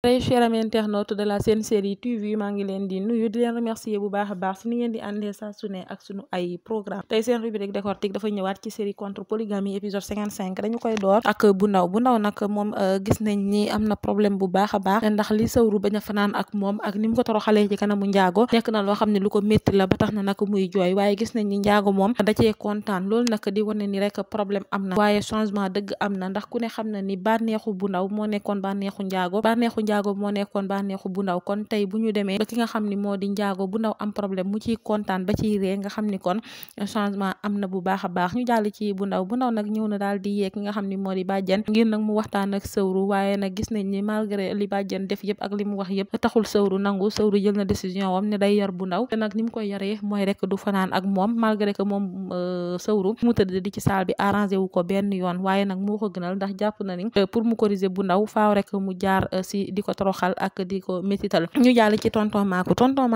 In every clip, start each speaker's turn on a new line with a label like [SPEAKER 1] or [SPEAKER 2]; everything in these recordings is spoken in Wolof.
[SPEAKER 1] très cher ami internaute de la Sen Série TV maa ngi leen di nu di leen remercier bu baax a baax si ni ngeen di àndee saa su ne ak sunu ay programme tey seen rubrique décortique dafa ñëwaat ci série contre polygamie épisode 55 dañu koy door ak bu ndaw bu ndaw nag moom euh, gis nañ ni am na problème bu baax a baax ndax li sawru bañ a fanaan ak moom ak ni mu ko toroxalee ci kanamu njaago nekk na loo xam ne lu ko métti la ba na nag muy jooy waaye gis nañ ni njaago moom dace cee loolu nag di wane ni rek problème am na waaye changement dëgg am na ndax ku ne xam na ni bànneexu bu ndaw moo nekkoon bànneexu njaago njaago moo nekkoon bànneexu bu ndaw kon tey bu ñu demee ba ki nga xam ni moo di njaago bu ndaw am problème mu ciy kontaan ba ciy ree nga xam ni kon changement am na bu baax nag na daal di yee ki nga xam ni moo di bàjjen ngir nag mu waxtaan ak sëwru waaye nag gis nañ ni malgré li bàjjen def yëpp ak li mu wax yëpp taxul sëwru nangu sëwru jël na décision wam ne day yar bu ndaw te nag ni mu koy yaree mooy rek du fanaan ak moom malgré que moom euh, sëwru mu tëdd di ci saal bi arrangé wu ko benn yoon waaye nag moo ko ndax jàpp euh, pour mu corriger bu ndaw faaw rek mu jaar euh, di ko toroxal ak di ko métital ñu jàll ci tonton Maku tonton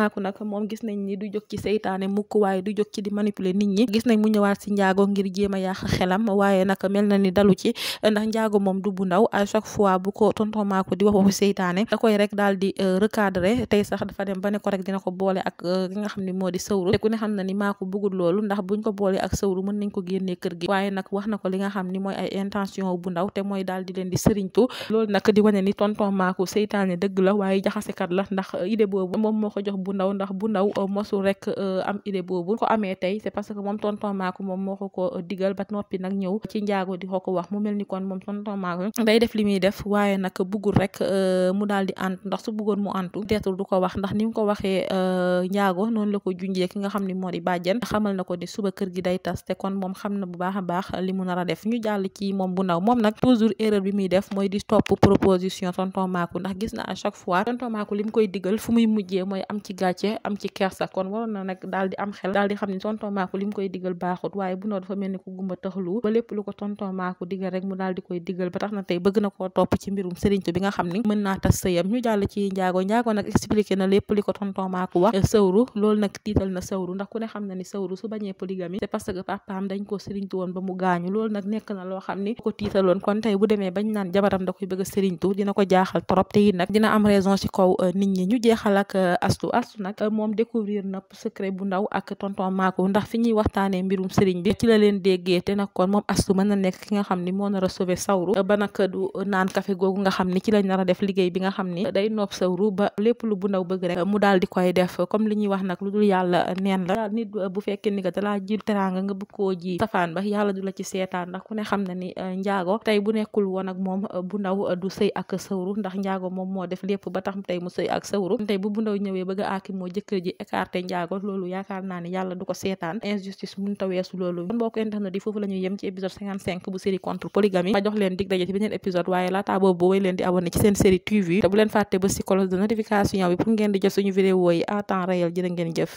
[SPEAKER 1] moom gis nañ ni du jóg ci seytaane mukk waaye du jóg ci di manipuler nit ñi gis mu ñëwaat si njaago ngir jéem a yàq xelam waaye nag mel na ni dalu ci ndax njaago moom du bu ndaw chaque fois bu ko tonton Maku di wax waxu seytaane da koy rek daal di euh, recadrer tey sax dafa dem ba ne ko rek dina ko boole ak euh, nga xam ne moo di sëwru te ku ne na ni Maku bëggul loolu ndax buñ ko boolee ak sëwru mën nañ ko génnee kër gi waaye nag wax na ko li nga xam ni mooy ay intention bu ndaw te mooy daal di seytaane dëgg la waaye jaxasekat la ndax euh, idée boobu moom moo ko jox bu ndaw ndax bu ndaw euh, mosul rek euh, moom moo ko ko digal ba noppi nag ñëw ci njaago di wax mu mel moom tonton Maako day def li muy mu daal la ko junjee ki nga a a ci moom bu ndaw moom nag toujours erreur bi def mooy di topp proposition tonton Maako ndax gis na a chaque fois tonton Maako li mu koy digal fu daal di am xel daal di xam ni tonton Maako li mu koy baaxut waaye bu noo dafa mel ni ku gumba taxlu ba lépp lu ko tonton mu daal di koy digal ba tax na tey bëgg na koo topp ci mbirum sëriñtu bi nga xam ni mën naa tas sëyam ñu jàll ci njaago njaago nag expliqué na lépp li ko tonton Maako wax eh, sëwru loolu nag tiital na sëwru ndax ku ne xam na ni sëwru su bañee polygamie c'est parce que papaam dañ koo sëriñtu woon ba mu gaañu loolu nag nekk na loo xam ni ko tiitaloon kon tey bu demee bañ naan jabaram da koy bëgg a sëriñtu dina te it nag dina am raison ci kaw euh, nit ñi ñu jeexal ak euh, astu astu nag euh, moom découvrir na secret bu ndaw ak tonton Maako ndax fi ñuy waxtaanee mbirum sëriñ bi ci la leen déggee te nag kon moom astu mën na nekk ki nga xam ni moo nar a sauver ba nag du naan café googu nga xam ni ci lañ nar a def liggéey bi nga xam ni day nopp sawru ba lépp lu bu ndaw bëgg rek mu daal di koy def comme li ñuy wax nag lu dul yàlla neen la nit bu fekkee ni nga dalaa jil teraanga nga bëgg koo ji safaan ba yàlla du la ci seetaan ndax ku ne xam na ni njaago tey bu nekkul woon ak moom bu ndaw du sëy ak sawru njaago moom moo def lépp ba tax mu sëy ak sawru tey bu bu ndaw ñëwee bëgg a aaki jëkkër ji écarté njaago loolu yaakaar naa ne yàlla du ko seetaan injustice mun ta weesu loolu kon boo ko internet di foofu la yem ci épisode 55 bu série contre polygamie ma leen dig daje ci beneen épisode waaye laataa boobu way leen di abonné ci seen série TV te bu leen fàtte ba si de notification bi pour ngeen di jot suñu vidéo yi